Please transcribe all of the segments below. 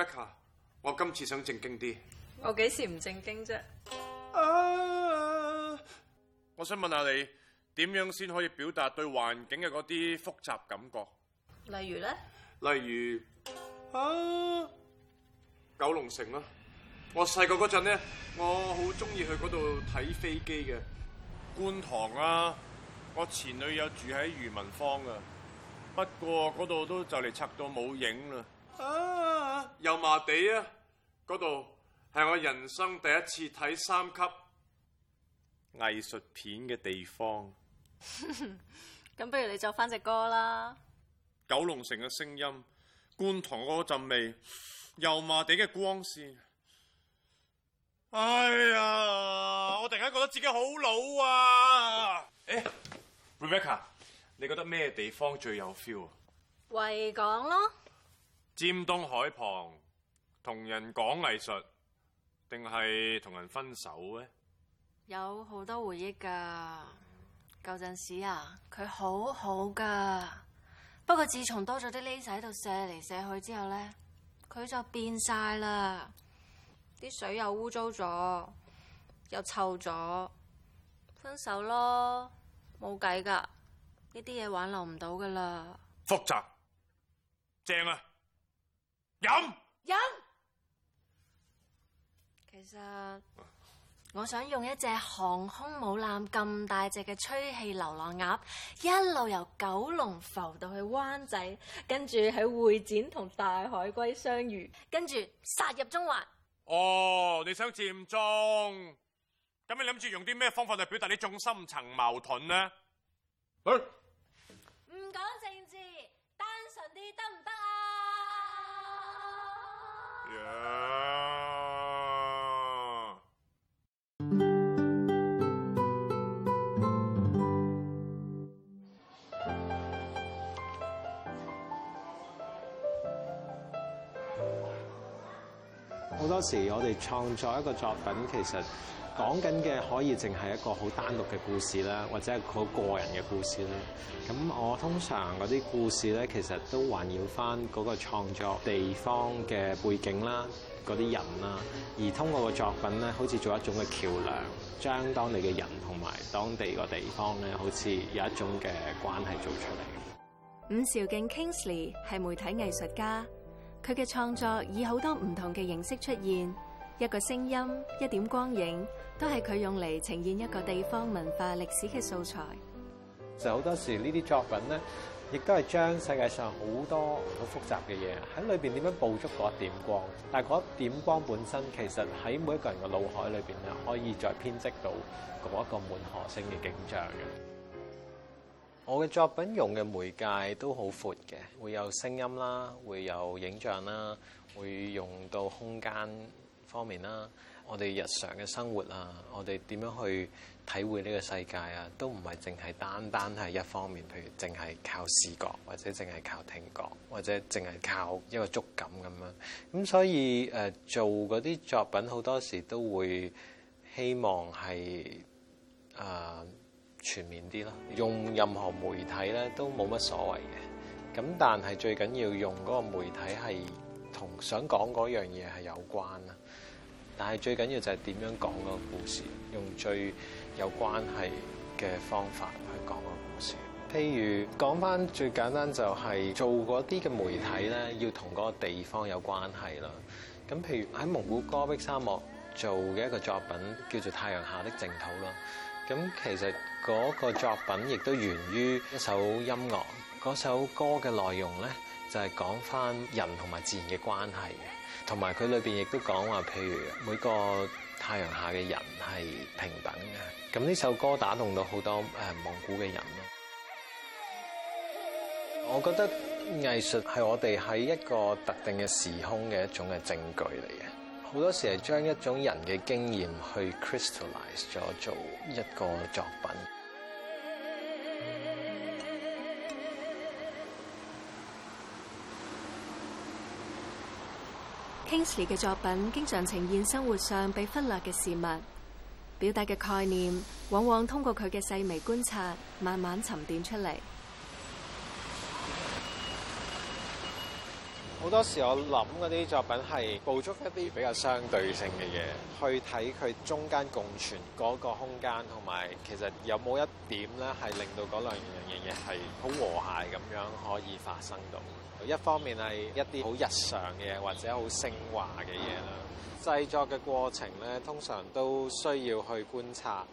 Rebecca，我今次想正經啲。我幾時唔正經啫？啊啊？我想問下你，點樣先可以表達對環境嘅嗰啲複雜感覺？例如咧？例如啊，九龍城咯。我細個嗰陣咧，我好中意去嗰度睇飛機嘅。觀塘啊，我前女友住喺裕民坊啊，不過嗰度都就嚟拆到冇影啦。啊！油麻地啊，嗰度係我人生第一次睇三級藝術片嘅地方。咁 不如你作翻隻歌啦！九龍城嘅聲音，觀塘嗰陣味，油麻地嘅光線。哎呀！我突然間覺得自己好老啊！誒、 hey，Rebecca，你覺得咩地方最有 feel 啊？維港咯。尖東海旁，同人講藝術，定係同人分手咧？有好多回憶噶，舊陣時啊，佢好好噶。不過自從多咗啲 laser 喺度射嚟射去之後呢，佢就變晒啦。啲水又污糟咗，又臭咗，分手咯，冇計噶，呢啲嘢挽留唔到噶啦。複雜，正啊！飲飲，其實我想用一隻航空母艦咁大隻嘅吹氣流浪鴨，一路由九龍浮到去灣仔，跟住喺會展同大海龜相遇，跟住殺入中環。哦，你想佔中？咁你諗住用啲咩方法嚟表達你種深層矛盾呢？唔、嗯、講政治，單純啲得唔得啊？好多時，我哋創作一個作品，其實，講緊嘅可以淨係一個好單獨嘅故事啦，或者係好個人嘅故事啦。咁我通常嗰啲故事咧，其實都環繞翻嗰個創作地方嘅背景啦，嗰啲人啦，而通過個作品咧，好似做一種嘅橋梁，將當地嘅人同埋當地個地，地方咧，好似有一種嘅關係做出嚟。伍韶勁 Kingsley 係媒體藝術家，佢嘅創作以好多唔同嘅形式出現，一個聲音，一點光影。都係佢用嚟呈現一個地方文化歷史嘅素材。就好多時呢啲作品咧，亦都係將世界上好多好複雜嘅嘢喺裏邊點樣捕捉嗰一點光。但係嗰一點光本身，其實喺每一個人嘅腦海裏邊咧，可以再編織到嗰一個滿河星嘅景象嘅。我嘅作品用嘅媒介都好闊嘅，會有聲音啦，會有影像啦，會用到空間方面啦。我哋日常嘅生活啊，我哋點樣去體會呢個世界啊，都唔係淨係單單係一方面，譬如淨係靠視覺或者淨係靠聽覺或者淨係靠一個觸感咁樣，咁所以誒、呃、做嗰啲作品好多時都會希望係誒、呃、全面啲咯，用任何媒體咧都冇乜所謂嘅。咁但係最緊要用嗰個媒體係同想講嗰樣嘢係有關啦。但係最緊要就係點樣講個故事，用最有關係嘅方法去講個故事。譬如講返最簡單，就係，就係做嗰啲嘅媒體咧，要同嗰個地方有關係啦。咁譬如喺蒙古戈壁沙漠做嘅一個作品，叫做《太陽下的淨土》啦。咁其實嗰個作品亦都源於一首音樂，嗰首歌嘅內容咧。就係講翻人同埋自然嘅關係嘅，同埋佢裏邊亦都講話，譬如每個太陽下嘅人係平等嘅。咁呢首歌打動到好多誒、呃、蒙古嘅人咯。我覺得藝術係我哋喺一個特定嘅時空嘅一種嘅證據嚟嘅，好多時係將一種人嘅經驗去 crystallize 咗做一個作品。Kingsley 嘅作品經常呈現生活上被忽略嘅事物，表達嘅概念往往通過佢嘅細微觀察，慢慢沉澱出嚟。好多時我諗嗰啲作品係捕捉一啲比較相對性嘅嘢，去睇佢中間共存嗰個空間，同埋其實有冇一點咧係令到嗰兩樣嘢係好和諧咁樣可以發生到。一方面係一啲好日常嘅嘢，或者好升華嘅嘢啦。製作嘅過程咧，通常都需要去觀察。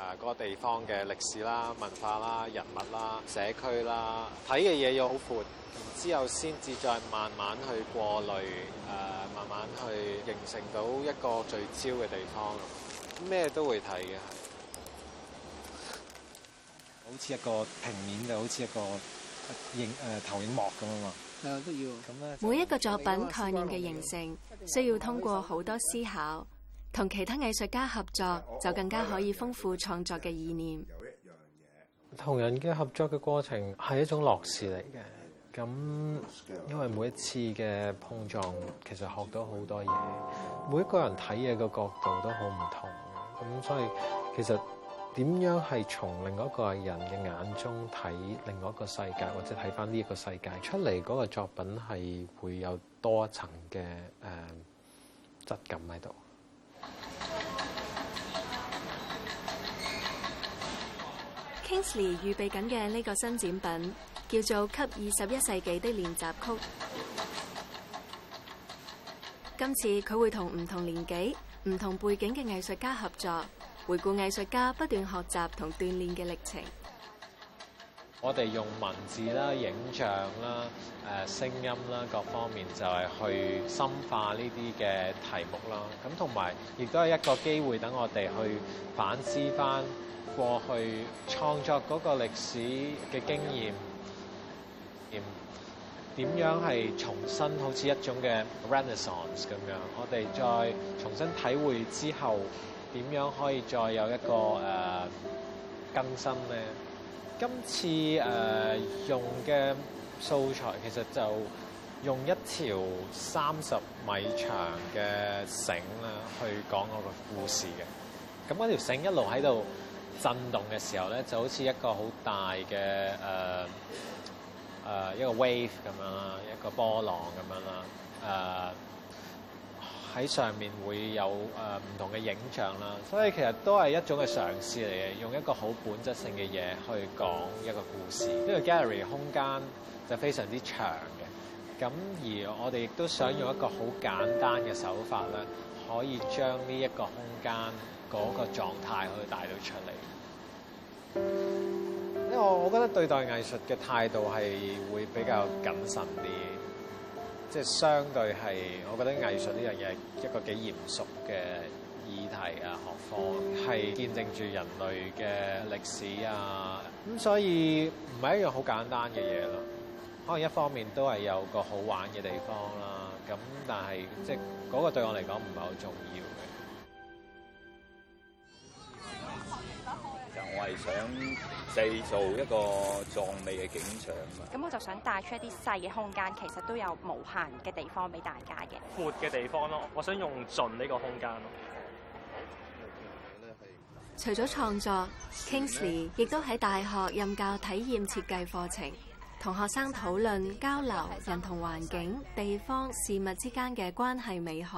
誒嗰個地方嘅歷史啦、文化啦、人物啦、社區啦，睇嘅嘢要好闊，然之後先至再慢慢去過濾，啊，慢慢去形成到一個聚焦嘅地方。咩都會睇嘅，好似一個平面嘅，好似一個影、啊啊、投影幕咁啊嘛。誒都要。咁咧，每一個作品概念嘅形成，嗯需，需要通過好多思考。同其他藝術家合作就更加可以豐富創作嘅意念。有一樣嘢，同人嘅合作嘅過程係一種樂事嚟嘅。咁因為每一次嘅碰撞，其實學到好多嘢。每一個人睇嘢嘅角度都好唔同嘅。咁所以其實點樣係從另外一個人嘅眼中睇另外一個世界，或者睇翻呢一個世界出嚟嗰個作品係會有多層嘅誒、呃、質感喺度。Kingsley 預備緊嘅呢個新展品叫做《給二十一世紀的練習曲》。今次佢會同唔同年紀、唔同背景嘅藝術家合作，回顧藝術家不斷學習同鍛鍊嘅歷程。我哋用文字啦、影像啦、誒聲音啦各方面，就係去深化呢啲嘅題目啦。咁同埋亦都係一個機會，等我哋去反思返。過去創作嗰個歷史嘅經驗，點樣係重新好似一種嘅 Renaissance 咁樣？我哋再重新體會之後，點樣可以再有一個、呃、更新咧？今次、呃、用嘅素材其實就用一條三十米長嘅繩去講我個故事嘅。咁嗰條繩一路喺度，震動嘅時候咧，就好似一個好大嘅誒誒一個 wave 咁樣啦，一個波浪咁樣啦，誒、呃、喺上面會有誒、呃、唔同嘅影像啦，所以其實都係一種嘅嘗試嚟嘅，用一個好本質性嘅嘢去講一個故事。因為 gallery 空間就非常之長嘅，咁而我哋亦都想用一個好簡單嘅手法咧。可以將呢一個空間嗰個狀態去帶到出嚟，因為我覺得對待藝術嘅態度係會比較謹慎啲，即係相對係我覺得藝術呢樣嘢係一個幾嚴肅嘅議題啊、學科，係見證住人類嘅歷史啊，咁所以唔係一樣好簡單嘅嘢咯。可能一方面都係有個好玩嘅地方啦、啊。咁，但係即係嗰個對我嚟講唔係好重要嘅。其實我係想製造一個壯美嘅景象，咁我就想帶出一啲細嘅空間，其實都有無限嘅地方俾大家嘅。闊嘅地方咯，我想用盡呢個空間咯。除咗創作，Kingsley 亦都喺大學任教體驗設計課程。同學生討論交流人同環境、地方、事物之間嘅關係美學。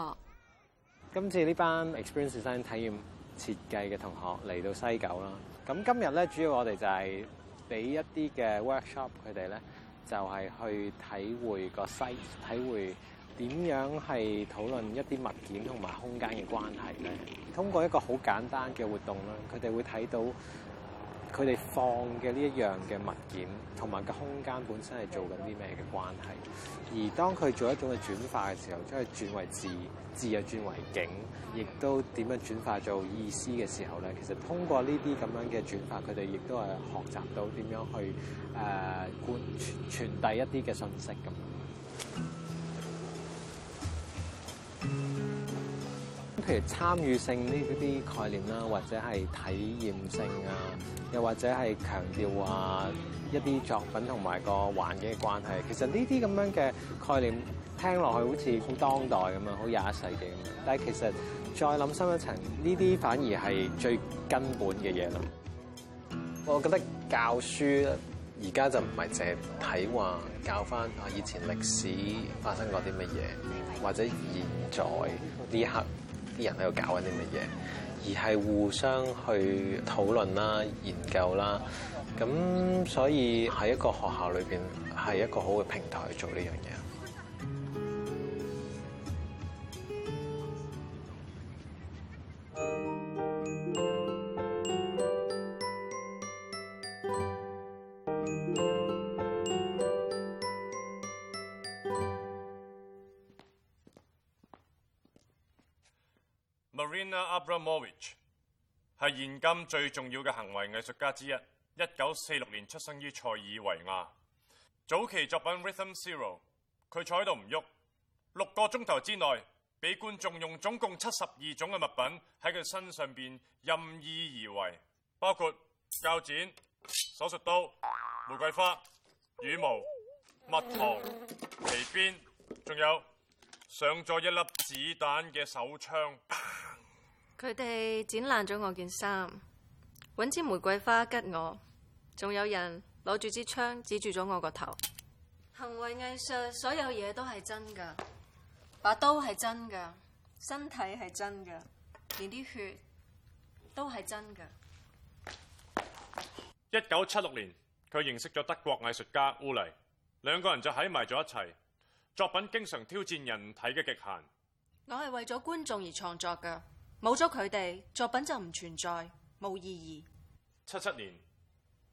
今次呢班 experience design 體驗設計嘅同學嚟到西九啦。咁今日咧，主要我哋就係俾一啲嘅 workshop，佢哋咧就係、是、去體會個 site，體會點樣係討論一啲物件同埋空間嘅關係咧。通過一個好簡單嘅活動啦，佢哋會睇到。佢哋放嘅呢一樣嘅物件，同埋個空間本身係做緊啲咩嘅關係，而當佢做一種嘅轉化嘅時候，將佢轉為字字又轉為景，亦都點樣轉化做意思嘅時候咧，其實通過呢啲咁樣嘅轉化，佢哋亦都係學習到點樣去誒傳、呃、傳、傳遞一啲嘅信息。咁。譬如參與性呢啲概念啦，或者係體驗性啊，又或者係強調話一啲作品同埋個環境嘅關係。其實呢啲咁樣嘅概念聽落去好似好當代咁啊，好廿一世紀。但係其實再諗深一層，呢啲反而係最根本嘅嘢咯。我覺得教書而家就唔係淨係睇話教返啊，以前歷史發生過啲乜嘢，或者現在呢一刻，啲人喺度搞緊啲乜嘢，而係互相去討論啦、研究啦，咁所以喺一個學校裏邊係一個好嘅平台去做呢樣嘢。Marina Abramović 係現今最重要嘅行為藝術家之一。一九四六年出生於塞爾維亞。早期作品《Rhythm Zero》，佢坐喺度唔喐，六個鐘頭之內俾觀眾用總共七十二種嘅物品喺佢身上邊任意而為，包括鉸剪、手術刀、玫瑰花、羽毛、蜜糖、皮鞭，仲有上咗一粒子彈嘅手槍。佢哋剪爛咗我件衫，搵支玫瑰花拮我，仲有人攞住支槍指住咗我個頭。行為藝術所有嘢都係真㗎，把刀係真㗎，身體係真㗎，連啲血都係真㗎。一九七六年，佢認識咗德國藝術家烏黎，兩個人就喺埋咗一齊。作品經常挑戰人體嘅極限。我係為咗觀眾而創作㗎。冇咗佢哋作品就唔存在，冇意義。七七年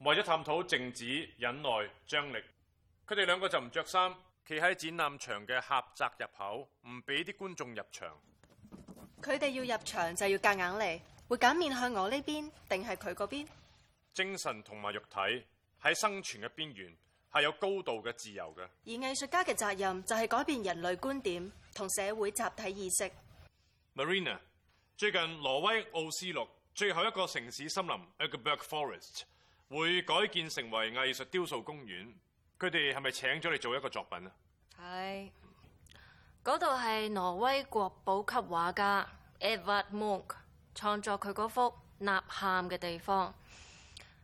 為咗探討靜止、忍耐、張力，佢哋兩個就唔着衫，企喺展覽場嘅狹窄入口，唔俾啲觀眾入場。佢哋要入場就要夾硬嚟，會揀面向我呢邊定係佢嗰邊？精神同埋肉體喺生存嘅邊緣係有高度嘅自由嘅。而藝術家嘅責任就係改變人類觀點同社會集體意識。Marina。最近挪威奧斯陸最後一個城市森林 Ekeberg Forest 會改建成為藝術雕塑公園。佢哋係咪請咗你做一個作品啊？係。嗰度係挪威國寶級畫家 Edvard Munch 創作佢嗰幅《吶喊》嘅地方，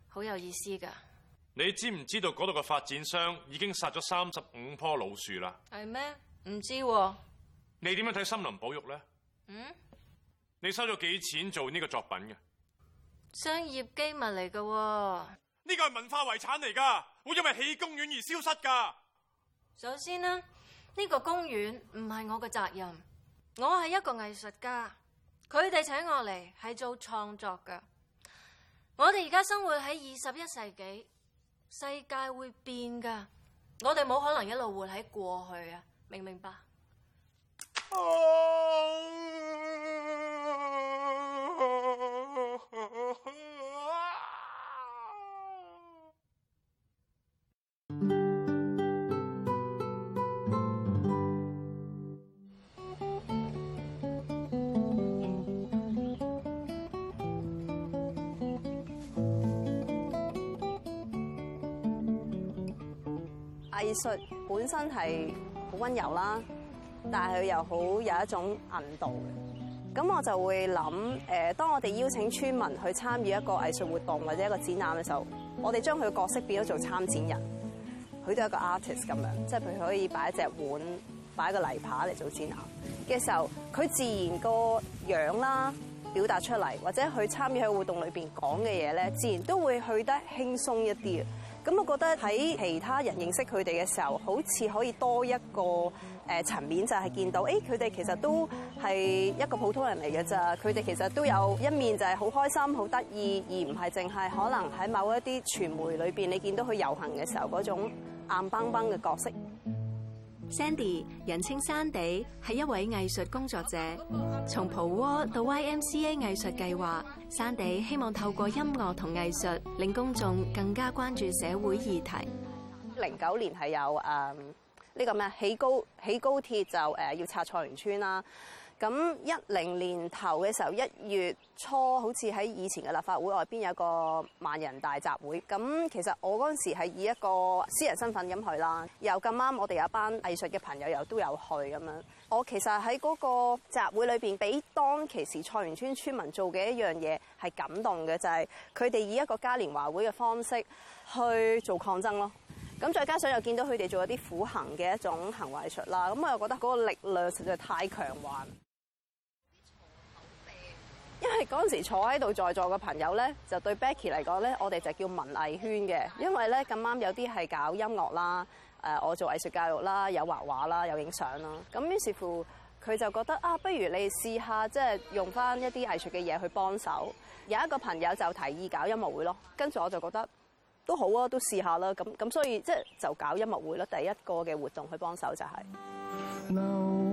好有意思噶。你知唔知道嗰度嘅發展商已經殺咗三十五棵老樹啦？係咩？唔知道啊。你點樣睇森林保育咧？嗯。你收咗幾錢做呢個作品嘅？商業機密嚟噶啊。呢個係文化遺產嚟噶，會因為起公園而消失噶。首先啦，呢個公園唔係我嘅責任，我係一個藝術家，佢哋請我嚟係做創作噶。我哋而家生活喺二十一世紀，世界會變噶，我哋冇可能一路活喺過去啊！明唔明白？Uh... 藝術本身係好温柔啦，但係佢又好有一種硬度嘅。咁我就會諗，誒，當我哋邀請村民去參與一個藝術活動或者一個展覽嘅時候，我哋將佢嘅角色變咗做參展人，佢都係一個 artist 咁樣，即係譬如佢可以擺一隻碗，擺一個泥扒嚟做展覽嘅時候，佢自然個樣啦，表達出嚟或者佢參與喺活動裏邊講嘅嘢咧，自然都會去得輕鬆一啲。咁我覺得喺其他人認識佢哋嘅時候，好似可以多一個誒層面就，就係見到誒佢哋其實都係一個普通人嚟嘅咋。佢哋其實都有一面就係好開心、好得意，而唔係淨係可能喺某一啲傳媒裏面你見到佢遊行嘅時候嗰種硬邦邦嘅角色。Sandy，人稱山地，係一位藝術工作者。從蒲窩到 YMCA 藝術計劃，山地希望透過音樂同藝術，令公眾更加關注社會議題。零九年係有誒呢、嗯呢個咩啊？起高起高鐵就要拆菜園村啦。咁一零年頭嘅時候，一月初好似喺以前嘅立法會外邊有個萬人大集會。咁其實我嗰陣時係以一個私人身份咁去啦，又咁啱我哋有一班藝術嘅朋友又都有去咁樣。我其實喺嗰個集會裏面，俾當其時菜園村村民做嘅一樣嘢係感動嘅，就係佢哋以一個嘉年華會嘅方式去做抗爭咯。咁再加上又見到佢哋做一啲苦行嘅一種行為藝術啦，咁我又覺得嗰個力量實在太強橫。因為嗰陣時坐喺度在座嘅朋友咧，就對 Becky 嚟講咧，我哋就叫文藝圈嘅，因為咧咁啱有啲係搞音樂啦，誒、呃，我做藝術教育啦，有畫畫啦，有影相啦，咁於是乎佢就覺得啊，不如你試下即係、就是、用返一啲藝術嘅嘢去幫手。有一個朋友就提議搞音樂會咯，跟住我就覺得都好啊，都試下啦。咁咁所以即係、就是、就搞音樂會啦，第一個嘅活動去幫手就係、是。No.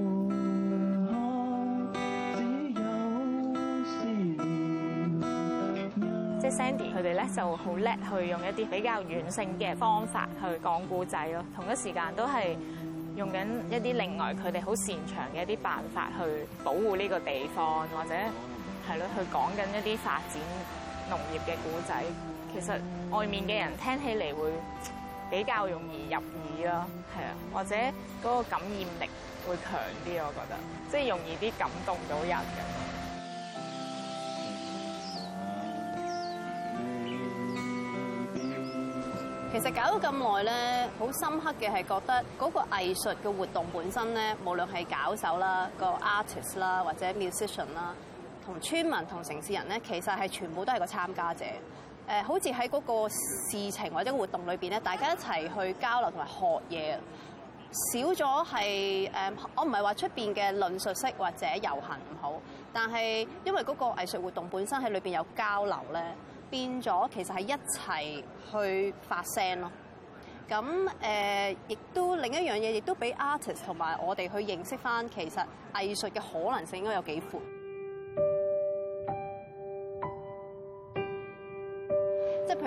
即係 Sandy 佢哋咧就好叻去用一啲比較軟性嘅方法去講故仔咯，同一時間都係用緊一啲另外佢哋好擅長嘅一啲辦法去保護呢個地方，或者係咯去講緊一啲發展農業嘅故仔。其實外面嘅人聽起嚟會比較容易入耳咯，係啊，或者嗰個感染力會強啲，我覺得即係容易啲感動到人嘅。其實搞咗咁耐咧，好深刻嘅係覺得嗰個藝術嘅活動本身咧，無論係搞手啦、個 artist 啦或者 musician 啦，同村民同城市人咧，其實係全部都係個參加者。誒，好似喺嗰個事情或者活動裏面咧，大家一齊去交流同埋學嘢，少咗係誒，我唔係話出面嘅論述式或者遊行唔好，但係因為嗰個藝術活動本身喺裏面有交流咧。變咗，其實係一齊去發聲咯。咁誒，亦、呃、都另一樣嘢，亦都俾 artist 同埋我哋去認識返，其實藝術嘅可能性應該有幾闊。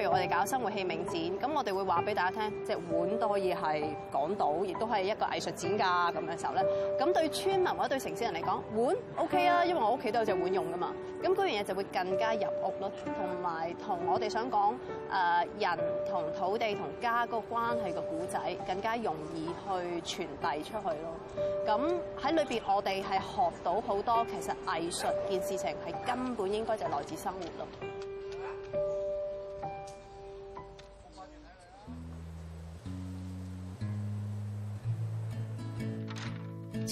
我哋搞生活器皿展，咁我哋會話俾大家聽，隻碗都可以係講到，亦都係一個藝術展㗎。咁嘅時候咧，咁對村民或者對城市人嚟講，碗 OK 啊，因為我屋企都有隻碗用㗎嘛。咁嗰樣嘢就會更加入屋咯，同埋同我哋想講誒、呃、人同土地同家個關係嘅古仔，更加容易去傳遞出去咯。咁喺裏邊，我哋係學到好多，其實藝術件事情係根本應該就來自生活咯。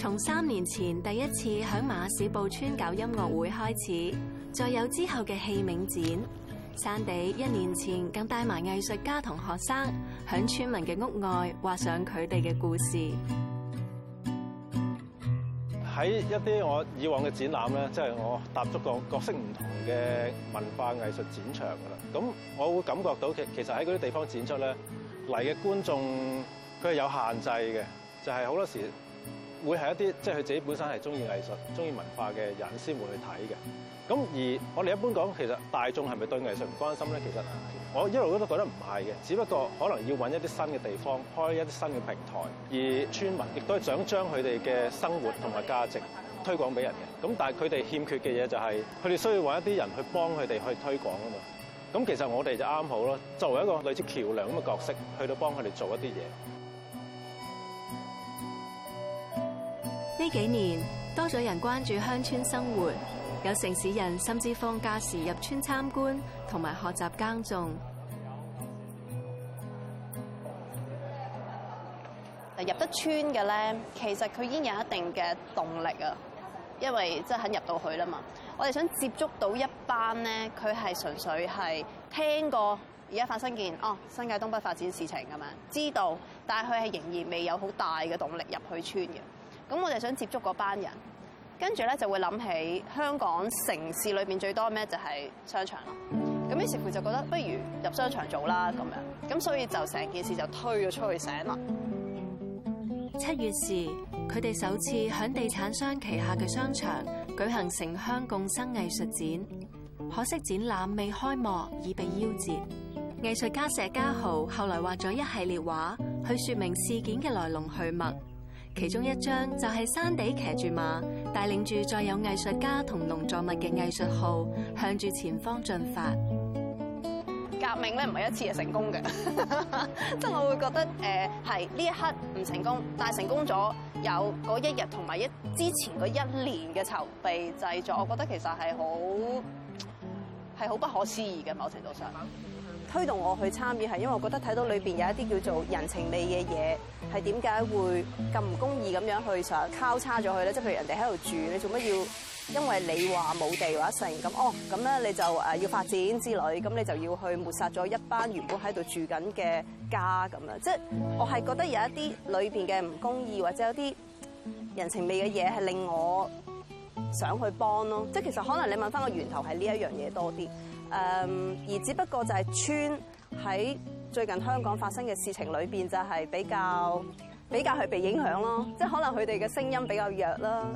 從三年前第一次喺馬屎埔村搞音樂會開始，再有之後嘅器皿展，山地一年前，更帶埋藝術家同學生喺村民嘅屋外畫上佢哋嘅故事。喺一啲我以往嘅展覽咧，即係我踏足過各式唔同嘅文化藝術展場噶啦。咁我會感覺到其其實喺嗰啲地方展出咧嚟嘅觀眾佢係有限制嘅，就係好多時。會係一啲即係佢自己本身係中意藝術、中意文化嘅人先會去睇嘅。咁而我哋一般講，其實大眾係咪對藝術唔關心咧？其實我一路都覺得唔係嘅，只不過可能要揾一啲新嘅地方，開一啲新嘅平台。而村民亦都係想將佢哋嘅生活同埋價值推廣俾人嘅。咁但係佢哋欠缺嘅嘢就係，佢哋需要揾一啲人去幫佢哋去推廣啊嘛。咁其實我哋就啱好囉，作為一個類似橋梁咁嘅角色，去到幫佢哋做一啲嘢。呢幾年多咗人關注鄉村生活，有城市人甚至放假時入村參觀同埋學習耕種。入得村嘅咧，其實佢已經有一定嘅動力啊，因為即係肯入到去啦嘛。我哋想接觸到一班咧，佢係純粹係聽過而家發生件哦新界東北發展事情咁樣知道，但係佢係仍然未有好大嘅動力入去村嘅。咁我哋想接觸嗰班人，跟住咧就會諗起香港城市裏面最多咩就係商場啦。咁於是乎就覺得不如入商場做啦咁樣，咁所以就成件事就推咗出去醒啦。七月時，佢哋首次響地產商旗下嘅商場舉行城鄉共生藝術展，可惜展覽未開幕已被夭折。藝術家石家豪後來畫咗一系列畫去説明事件嘅來龍去脈。其中一張就係山地騎住馬，帶領住載有藝術家同農作物嘅藝術號，向住前方進發。革命咧唔係一次就成功嘅，即 係我會覺得誒，係呢一刻唔成功，但係成功咗有嗰一日同埋一之前嗰一年嘅籌備製作，我覺得其實係好係好不可思議嘅某程度上。推動我去參與，係因為我覺得睇到裏邊有一啲叫做人情味嘅嘢，係點解會咁唔公義咁樣去實交叉咗佢咧？即係譬如人哋喺度住，你做乜要因為你話冇地或者剩咁哦咁咧你就誒要發展之類，咁你就要去抹殺咗一班原本喺度住緊嘅家咁樣。即係我係覺得有一啲裏邊嘅唔公義或者有啲人情味嘅嘢係令我想去幫咯。即係其實可能你問翻個源頭係呢一樣嘢多啲。誒、um，而只不過就係村喺最近香港發生嘅事情裏邊就係比較比較係被影響咯，即係可能佢哋嘅聲音比較弱啦。